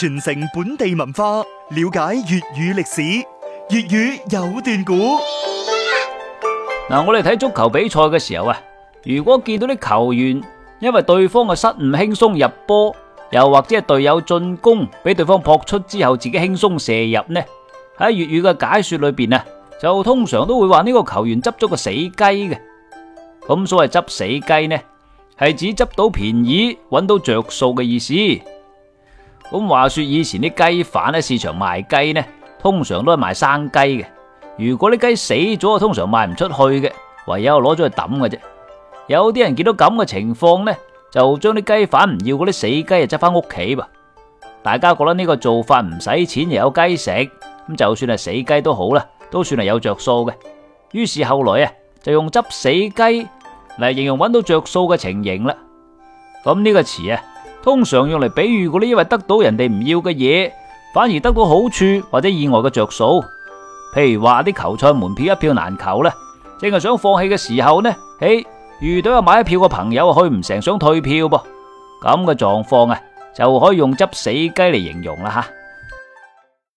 傳承本地文化，了解粵語歷史，粵語有段古。嗱，我哋睇足球比賽嘅時候啊，如果見到啲球員因為對方嘅失誤輕鬆入波，又或者係隊友進攻俾對方撲出之後自己輕鬆射入呢？喺粵語嘅解說裏邊啊，就通常都會話呢個球員執咗個死雞嘅。咁所謂執死雞呢，係指執到便宜，揾到着數嘅意思。咁話說，以前啲雞販喺市場賣雞呢，通常都係賣生雞嘅。如果啲雞死咗，通常賣唔出去嘅，唯有攞咗去抌嘅啫。有啲人見到咁嘅情況呢，就將啲雞販唔要嗰啲死雞又執翻屋企噃。大家覺得呢個做法唔使錢又有雞食，咁就算係死雞都好啦，都算係有着數嘅。於是後來啊，就用執死雞嚟形容揾到着數嘅情形啦。咁呢個詞啊。通常用嚟比喻嗰啲因為得到人哋唔要嘅嘢，反而得到好處或者意外嘅着數。譬如話啲球賽門票一票難求啦，正係想放棄嘅時候呢，誒、哎、遇到有買一票嘅朋友去唔成，想退票噃，咁嘅狀況啊，就可以用執死雞嚟形容啦吓。